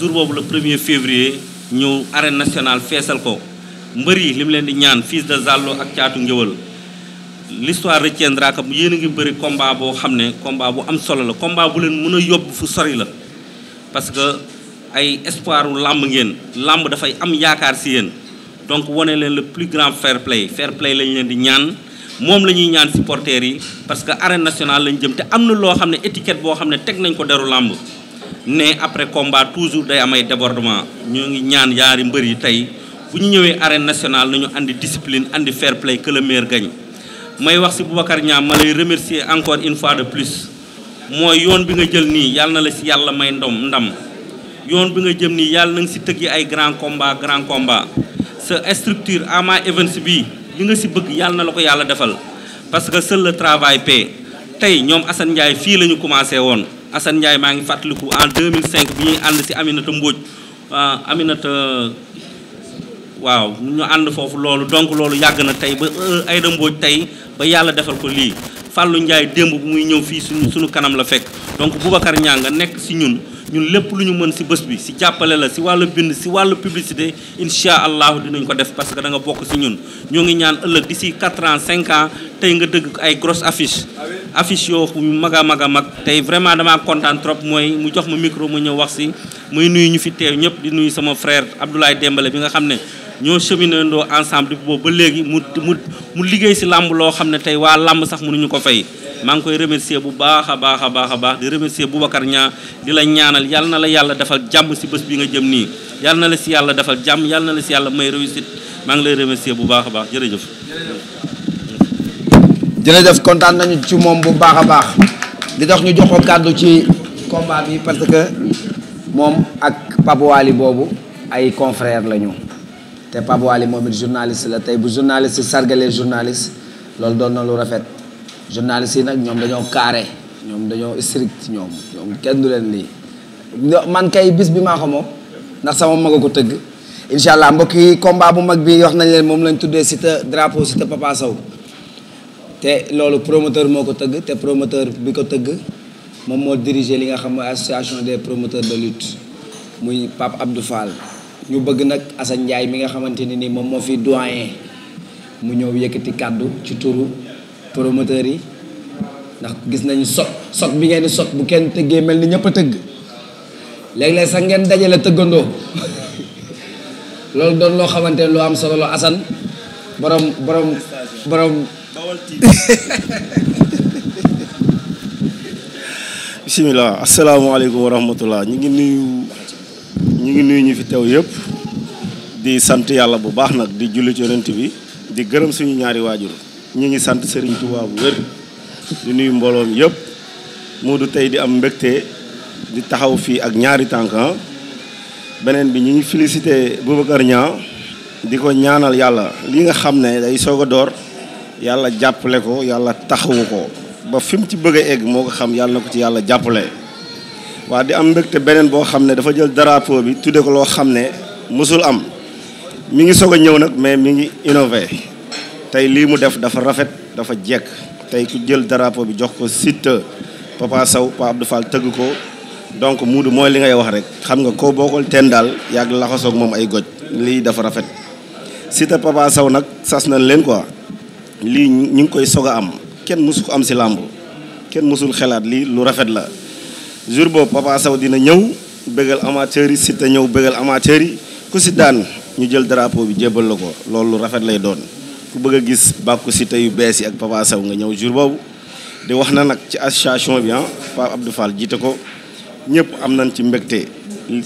jour boobu la premier février ñëw arène nationale feesal ko mbër yi li leen di ñaan fils de Zallo ak caatu ngéwël l'histoire retiendra que yéen a ngi bëri combat boo xam ne combat bu am solo la combat bu leen mën a yóbbu fu sori la parce que ay espoiru làmb ngeen làmb dafay am yaakaar si yéen donc wane leen le plus grand fair play fair play lañ leen di ñaan moom la ñuy ñaan supporters yi parce que arène national lañ jëm te am na loo xam ne étiquette boo xam ne teg nañ ko deru làmb ne après combat toujours day am ay débordement ñoo ngi ñaan yaari mbër yi tey bu ñu ñëwee arène national nañu andi discipline andi fair play que le meilleur may wax ci Boubacar Niang ma lay remercier encore une fois de plus mooy yoon bi nga jël nii yàlla na la ci yàlla may ndom ndam yoon bi nga jëm nii yàlla nga ci tëgg ay grand combat sa structure Ama Events bii li nga si bëgg yàlla na la ko yàlla defal parce que le travail tey ñoom Assane Ndiaye la ñu commencé woon Assane maa ngi fàttaliku en 2005 bi ñuy ànd si Aminata Mbodj ah, Aminata waaw ñu ànd foofu loolu donc loolu yàgg na tey ba euh, Aïda Mbodj tey ba yàlla defal ko lii Fallou Ndiaye démb bu muy ñëw fii suñu suñu kanam la fekk donc Boubacar Niang nga nekk si ñun ñun lépp lu ñu mën si bés bi si jàppale la si wàllu bind si wàllu publicité incha allahu dinañ ko def parce que da nga bokk si ñun ñoo ngi ñaan ëllëg si quatre ans cinq ans tey nga dëgg ay grosse affiche affiche yoo mag a mag a mag tey vraiment damaa kontaan trop mooy mu jox ma micro mu ñëw wax si muy nuyu ñu fi teew ñëpp di nuyu sama frère Abdoulaye dembale bi nga xam ne ñoo cheminandoo ensemble boobu ba léegi mu mu mu liggéey si làmb loo xam ne tey waa làmb sax mënuñu ko fay maa ngi koy remercier bu baax a baax a baax a baax di remercier Boubacar ñaa di la ñaanal yàlla na la yàlla defal jàmm si bés bi nga jëm nii yàlla na la si yàlla defal jàmm yàlla na la si yàlla may réussite maa ngi lay remercier bu baax a baax jërëjëf. jërëjëf kontaan nañu ci moom bu baax a baax di dox ñu jox ko kàddu ci combat bi parce que moom ak Pape boobu ay confrères lañu. te Pape Waly moom it journaliste la tey bu journaliste sargalee journaliste loolu doon na lu rafet journaliste yi nag ñoom dañoo carré ñoom dañoo strict ñoom ñoom kenn du leen lii man kay bis bi maa ko moom ndax sama mag a ko tëgg incha allah mbokk yi combat bu mag bi wax nañ leen moom lañ tuddee Siteu drapeau Siteu Papa Sow te loolu promoteur moo ko tëgg te promoteur bi ko tëgg moom moo diriger li nga xam association des promoteurs de lute muy pap Abdou Fall ñu bëgg nag Assane Ndiaye mi nga xamante ne nii moom moo fi doyen mu ñëw yëkkati kàddu ci turu promoteur yi ndax gis nañu sot sot bi ngeen di sot bu kenn tëggee mel ni ñëpp a tëgg léeg-léeg sax ngeen dajale tëggandoo loolu doon loo xamante ne lu am solo la Assane borom borom borom. bisimilah asalaamaaleykum wa rahmatulah ñu ngi nuyu. ñu ngi nuyu ñu fi teew yëpp di sant yàlla bu baax nag di julli ci yonent bi di gërëm suñu ñaari waajur ñu ngi sant Serigne Touba bu wér di nuyu mbooloom yëpp mu du tey di am mbëgte di taxaw fii ak ñaari tànkan ah. beneen bi ñu ngi félicité Boubacar Niang di ko ñaanal yàlla li nga xam ne day soog a door yàlla jàppale ko yàlla taxawu ko ba fi mu ci bëgg a egg moo ko xam yàlla ko ci yàlla jàppale waa di am mbégte beneen boo xam ne dafa jël drapeau bi tudde ko loo xam ne mosul am mi ngi soog a ñëw nag mais mi ngi innové tey lii mu def dafa rafet dafa jekk tey ku jël drapeau bi jox ko Siteu Papa Sow Pa Abdou Fall tëgg ko donc muudu mooy li ngay wax rek xam nga koo bokkal teen daal yàgg laxasoog moom ay goj lii dafa rafet Siteu Papa Sow nag sas na leen ko lii ñu ngi koy soog a am kenn mosu ko am si làmb kenn mosul xelaat lii lu rafet la jour boobu Papa Sow dina ñëw bégal amateurs yi Siteu ñëw bégal amateurs yi ku si daan ñu jël drapeau bi jébbal la ko loolu rafet lay doon ku bëgg a gis bàkku Siteu yu bees yi ak Papa Sow nga ñëw jur boobu di wax na nag ci association bi ah Pape Abdou jiite ko ñëpp am nañ ci mbégte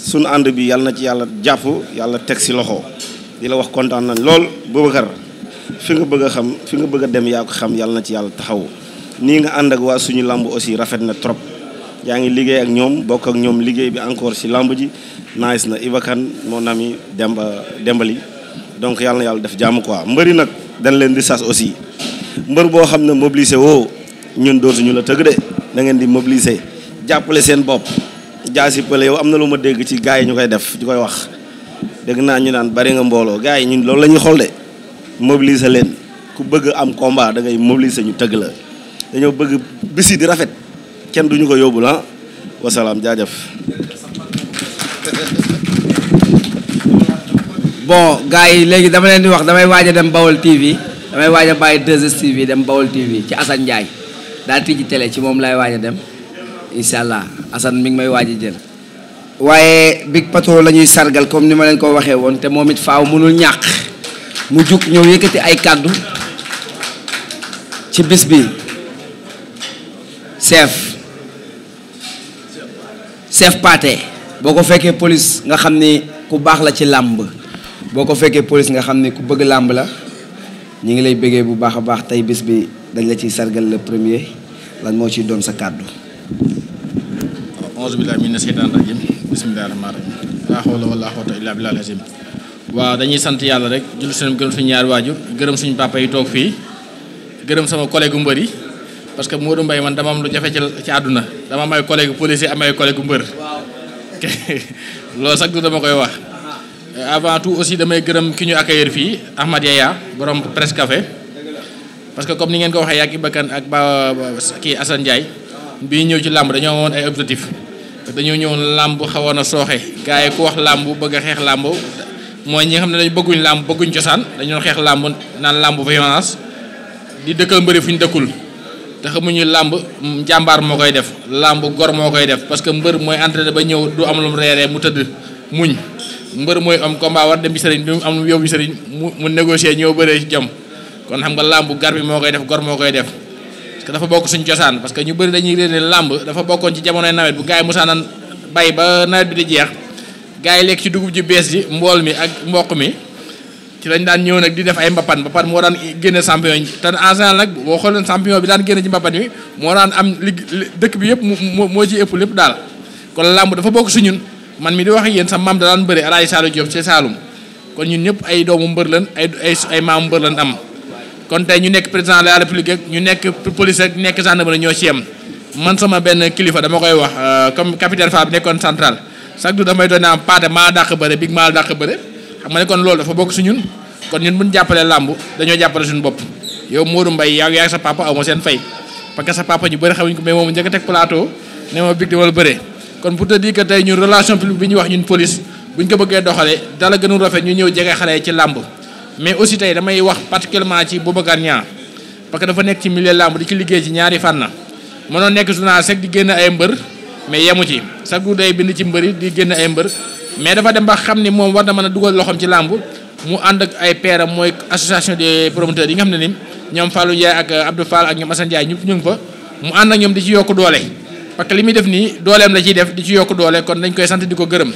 suñu ànd bi yàlla na ci yàlla jàpp yàlla teg si loxo di la wax kontaan na lool Boubacar fi nga bëgg a xam fi nga bëgg a dem yaa ko xam yàlla na ci yàlla taxaw nii nga ànd ak waa suñu làmb aussi rafet na trop yaa ngi liggéey ak ñoom bokk ak ñoom liggéey bi encore si lamb ji nice na Iba moo mon ami Demba Dembali donc yàlla yàlla def jàmm quoi mbëri nag dañ leen di sas aussi mbër boo xam ne mobiliser woo ñun dootuñu la tëgg de da ngeen di mobiliser jàppale seen bopp jaasi pële yow am na lu ma dégg ci gars yi ñu koy def di koy wax dëgg naa ñu naan bari nga mbooloo gars yi ñun loolu lañuy ñuy de mobiliser leen ku bëgg am combat da ngay mobiliser ñu tëgg la dañoo rafet kenn duñu ko yóbbul la ah. wasalaam jaajëf bon gars yi léegi dama leen di wax damay waaja dem Bawol TV damay waaj a bàyyi 2STV dem Bawol TV ci Assane Ndiaye daal tijji télé ci moom lay waaj dem incha allah Assane mi ngi may waaj a jël waaye Big Pato la ñuy sargal comme ni ma leen ko waxee woon te moom it faaw mënul ñàkk mu jug ñëw yëkkati ay kàddu ci bis bi chef chef paate boo ko fekkee polis nga xam ni ku baax la ci làmb boo ko fekkee police nga xam ni ku bëgg làmb la ñu ngi lay bëggee bu baax a baax tey bis bi dañ la ciy sargal la premier lan moo ciy doon sa kàddu auzu la mina seytaani rajiim bismillaahi rahmaani rahiim laa hawla wala quwwata illaa billaahil aziim waaw dañuy sant yàlla rek julli seen gërëm suñu ñaari waajur gërëm suñu papa yi toog fii gërëm sama collègue mbër yi parce que Modou mbay man dama am lu jafe ci ci àdduna dama am ay collègue policier am ay collègue mbër loolu sax du dama koy wax avant tout aussi damay gërëm ki ñu accueillir fii Ahmad Yaya borom presse café parce que comme ni ngeen ko waxee yàgg i bakkan ak ba kii Assane Ndiaye bi ñëw ci làmb dañoo amoon ay objectif dañoo ñëwoon làmb xawoon a sooxe gars yi ku wax làmb bëgg xeex làmb mooy ñi nga xam ne dañu bëgguñ làmb bëgguñ cosaan dañoo xeex làmb naan làmb violence di dëkkal mbëri fu ñu dëkkul te ñuy làmb jàmbaar moo koy def làmb gor moo koy def parce que mbër mooy entraîné ba ñëw du am lu mu mu tëdd muñ mbër mooy am combat war dem bi sëriñ du am lu yóbbu sëriñ mu mu négocier ñëw bëree ci jom kon xam nga làmb gar bi moo koy def gor moo koy def parce dafa bokk suñu cosaan parce que ñu bëri dañuy réer ne làmb dafa bokkoon ci jamonoy nawet bu gars musaana musaanan bay ba nawet bi di jeex gars yi lekk ci dugub ji bees ji mbool mi ak mboq mi ci lañ daan ñëw nag di def ay mbappan mbappan moo daan génne champion yi te en général nag boo xoolee champion bi daan génne ci mbappan bi moo daan am li dëkk bi yëpp moo moo ëpp lépp daal kon làmb dafa bokk si ñun man mi di wax ak yéen sa maam da daan bëri alaaji Saliou Diop ci Saloum kon ñun ñëpp ay doomu mbër lan ay ay ay maamu mbër lan am kon tey ñu nekk président de la république ak ñu nekk police ak nekk gendarmerie ñoo ci yem man sama benn kilifa dama koy wax euh, comme capitaine Fall bi nekkoon central chaque jour damay doon naan paate maa dàq bëre big maa dàq bëre xam nga ne kon loolu dafa bokk si ñun kon ñun bu ñu làmb dañoo jàppale suñu bopp yow Modou Mbaye yaa yaa sa papa aw ma seen fay parce que sa papa ñu bëri xamuñ ko mais moom njëkk a teg plateau ne ma big di wala ñu wax ñun police ko mais aussi tey damay wax particulièrement dafa nekk ci milieu làmb di ci liggéey ci ñaari fànn mënoo nekk journaliste rek di génn ay mbër mais yemu ci chaque jour bind ci mbëri di génn ay mbër mais dafa dem ba xam ni moom war na mën a dugal loxoom ci làmb mu ànd ak ay peeram mooy association des promoteurs yi nga xam ne ni ñoom Fallou Ndiaye ak Abdou Fall ak ñoom Assane Ndiaye ñëpp ñu ngi fa mu ànd ak ñoom di ci yokk doole parce que li muy def nii dooleem la ciy def di ci yokk doole kon dañ koy sant di ko gërëm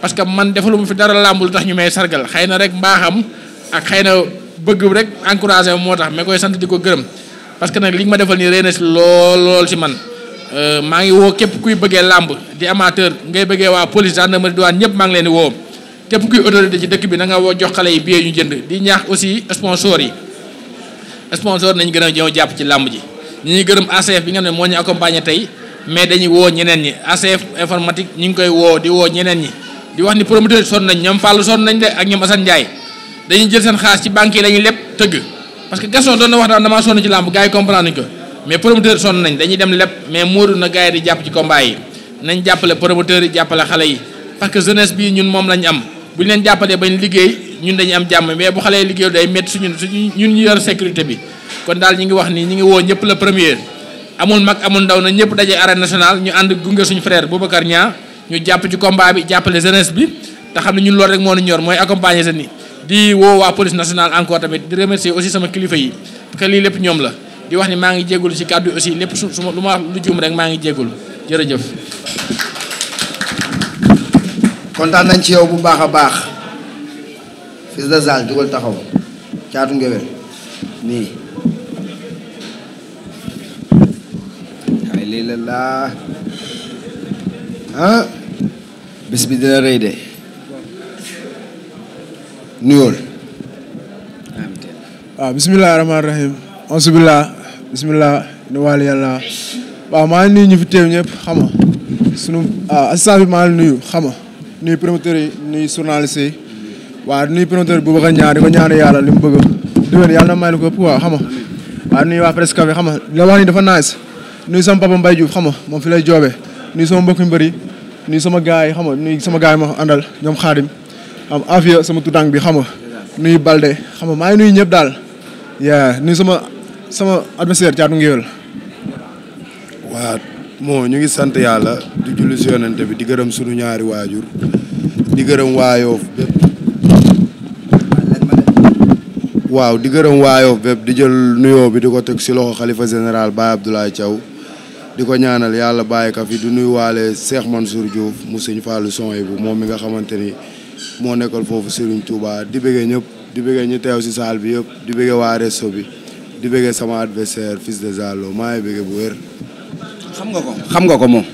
parce que man defalu fi dara làmb lu tax ñu may sargal xay na rek mbaaxam ak xëy na bëgg rek encouragé moo tax mais koy sant di ko gërëm parce que nag li ma defal nii rëy na si lool si man Euh, maa ngi woo képp kuy bëggee làmb di amateur ngay bëggee waa police gendarmerie douane ñëpp maa ngi leen di woo képp kuy autorité ci dëkk bi na nga woo jox xale yi billet ñu jënd di ñaax aussi sponsor yi sponsor nañ gën a ñëw jàpp ci làmb ji ñu ngi gërëm ACF bi nga xam ne moo ñu accompagné tey mais dañuy woo ñeneen ñi ACF informatique ñu ngi koy woo di woo ñeneen ñi di wax ni promoteur sonn nañ ñoom Fallou sonn nañ de ak ñoom Assane dañuy jël seen xaalis ci banque lépp tëgg ci làmb gars yi ko mais promoteur son nañ dañuy dem lépp mais Modou na gars yi di jàpp ci combat yi nañ jàppale promoteur yi jàppale xale yi parce que jeunesse bii ñun moom lañ am bu ñu leen jàppalee bañ liggéey ñun dañuy am jàmm mais bu xale yi liggéey ay métti suñu suñu ñun ñu yor sécurité bi kon daal ñu ngi wax ni ñu ngi woo ñëpp la premier amul mag amul ndaw na ñëpp daje arène national ñu ànd gunge suñu frère Boubacar Niang ñu jàpp ci combat bi jàppale jeunesse bi te xam ne ñun loolu rek moo ñu ñor mooy accompagner seen ni di woo waa police nationale tamit di remercier aussi sama kilifa yi parce que lii la di wax ni maa ngi jégalu ci kàddu aussi lépp su ma lu ma wax lu juum rek maa ngi jégalu jërëjëf. kontaan nañ ci yow bu baax a baax. Fils de Zal dugal taxaw caatu ngewel nii. alhamdulilah. ah. bis bi dina bisimilah rahmaani rahim. bisimilah bisimilah ni wàll yàlla waaw maa ngi nuyu ñu fi ñëpp xam nga sunu assistant ah, bi maa ngi nuyu xam nga nuyu promoteur yi nuyu journaliste yi waaw nuyu promoteur bu bëgg a ñaan di ko ñaan yàlla li mu bëgg xam nga waaw nuyu waa presse café xam nga la wax sama papa Mbaye Diouf xam nga moom fi la joobee nuyu sama mbokk yu bëri sama gars yi xam nga nuyu sama gars yi ma ñoom xaadim am afia sama tuddang bi xam nga nuyu Balde xam nga maa ngi ñëpp daal yaa nuyu sama sama adversaire Thiatou Nguéweul. waaw moo ñu ngi sant yàlla di julli si yonent bi di gërëm sunu ñaari waajur di gërëm waayoof bépp waaw di gërëm waayoof bépp di jël nuyoo bi di ko teg si loxo xalifa général Baye Abdoulaye Thiaw di ko ñaanal yàlla bàyyi ka fi di nuyuwaale Cheikh Mansour Diouf mu sëñ Fallou Soye bu moom mi nga xamante ni moo nekkal foofu Serigne tuubaa di bëggee ñëpp di bëggee ñu teew si saal bi yëpp di bëggee waa resto bi di bëggee sama adversaire fils de Zalo maa ngi bëggee bu wér. xam nga ko xam nga ko moom.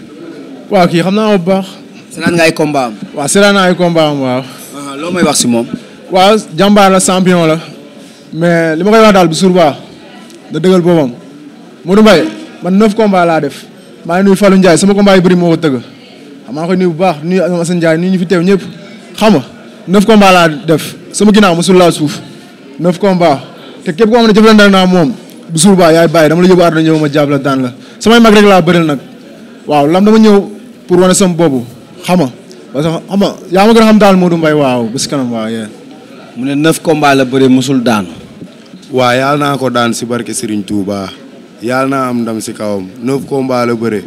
waa ki xam naa ko bu baax. seetaan nga ay combat am. waaw seetaan naa ay combat am waaw. Ah, wax si moom. waaw jàmbaar la champion la. mais li ma ko wax daal bu suur baax da dëggal boobam Modou Mbaye man neuf combat laa def maa ngi nuyu Fallou Ndiaye sama combat yu bëri moo ko tëgg xam ah, maa ngi koy nuyu bu baax nuyu Assane Ndiaye nuyu ñu fi teew ñëpp xam nga neuf combat laa def sama ginnaaw te képp koo xam ne jëflante naa moom bu baa yaay baay dama la yóbbu àdduna ñëw ma jàpp la daan la samay mag rek laa bëril nag waaw lam dama ñëw pour wane sama boobu xama parce que xama ma gën a xam daal Modou Mbaye waaw bis kanam waaw yee mu ne neuf combat la bëre musul daan waaw yàlla naa ko daan si barke Serigne Touba yàlla naa am ndam si kawam neuf combat la bëre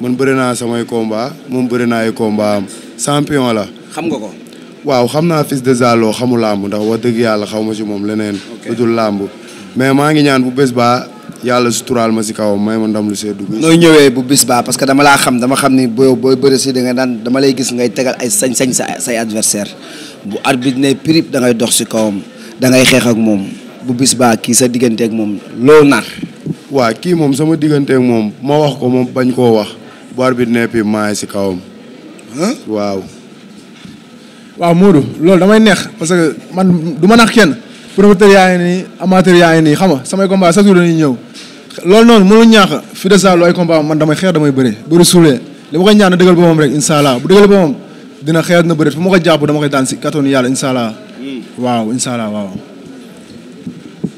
man bëri naa samay combat moom bëri naa ay combat am champion la xam nga ko waaw xam naa Fils de Zalo xamu làmb ndax wax dëgg yàlla xaw ma si moom leneen. lu dul làmb mais maa ngi ñaan bu bés baa yàlla turaal ma si kawam may ma ndam lu seddu bi. nooy ñëwee bu bis baa parce que dama laa xam dama xam ni booy booy bëri si da daan dama lay gis ngay tegal ay sañ-sañ sa say adversaire bu arbitre ne prip da dox si kawam da ngay xeex ak moom bu bis baa kii sa digganteek moom loo nar. waa kii moom sama diggante ak moom ma wax ko moom bañ koo wax bu arbitre ne prip maa si kawam. waaw. waaw Modou loolu damay neex parce que man du ma nax kenn promoteur yaa ngi nii amateur yaa ngi nii xam nga samay combat chaque jour ñëw lool noonu mënul ñaax fi de ça lu ay man damay xeex damay bëre bëru suulee li ma koy ñaan na dëggal moom rek incha allah bu dëggal boppam dina xeex na bëre fu ma ko jàpp dama koy daan si kàttanu yàlla incha allah hmm. waaw incha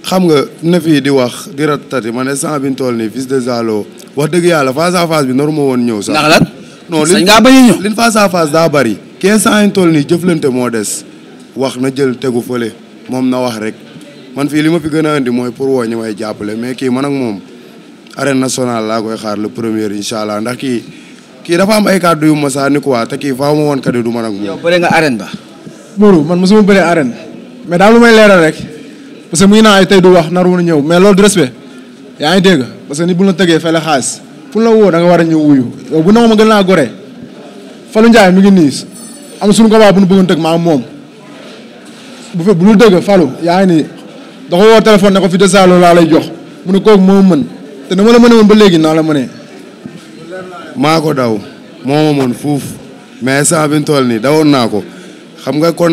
xam nga na di wax di ratati man instant bi ñu toll nii Fils de Zalo wax dëgg yàlla face à face bi normal woon ñëw sax. ndax lan. non li nga bañ a ñëw. daa bari quinze ans yi toll nii jëflante moo des wax na jël tegu fële moom na wax rek man fii li ma fi gën a indi mooy pour woo ñu may jàppale mais kii man ak moom arène nationale laa koy xaar le premier incha allah ndax kii kii dafa am ay kàddu yu ma saani quoi te kii faaw ma woon kaddu du man ak moom. yow bëre nga arène ba. Mourou man mosuma bëree arène mais daal lu may leeral rek parce que muy naa ay tey du wax nar wu ñëw mais loolu du respect yaa ngi dégg parce que ni bu la tegee fay la xaalis fu la woo da nga war a ñëw wuyu yow bu ne ma gën laa gore Fallou Ndiaye mi ngi am na suñu combat bu ñu bëggoon tëg maa moom bu fe bu dul dëgg Fallou yaa ngi nii da ko woo téléphone ne ko fi de Saalum laa lay jox mu ne kooku moo mën te na ma la mënee woon ba léegi naa la mënee. maa ko daw moo ma mën fuuf mais saa bi ñu nii dawoon naa ko xam nga kon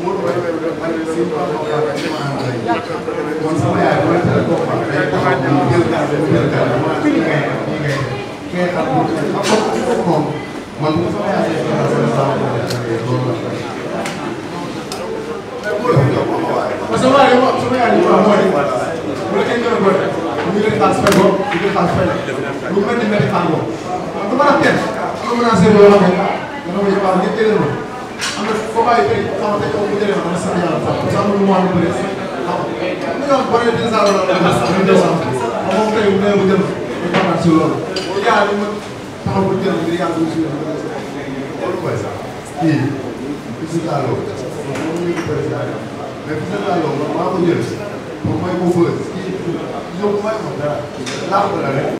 kon sama yaay mooy teel a koo xam ne dañu ko jël kàddu bu jël kàddu mu naan lii ngay def lii ngay def kee xam nga xam moom man bu sama yaay def dara sama sama bopp la jëlee loolu la. parce que waaye yow am sama yaay yow mooy bu la kenn gën a bëri mu ngi leen xaas fay bopp mu ngi xaas fay bopp lu mel ni mel ni xaar bopp. du ma la teel lu mën a seetloo la ko dama yëpp a ngir teel a am na foo bàyyi bëri xam nga bu jëlee ma dama sant yàlla sax parce que am na lu mu wax lu bëri xam nga li nga wax bëri dina saa loolu la ñu def sax xam nga tey bu nee bu jël ñu xamaat si loolu bu yaa li ma taxaw bu jël di yàlla si loolu koy sax kii bisi taaloo moom ñu bëri si àgg mais bisi taaloo maa ko jël pour may ko bëri kii yow may ko dara laax ko la rek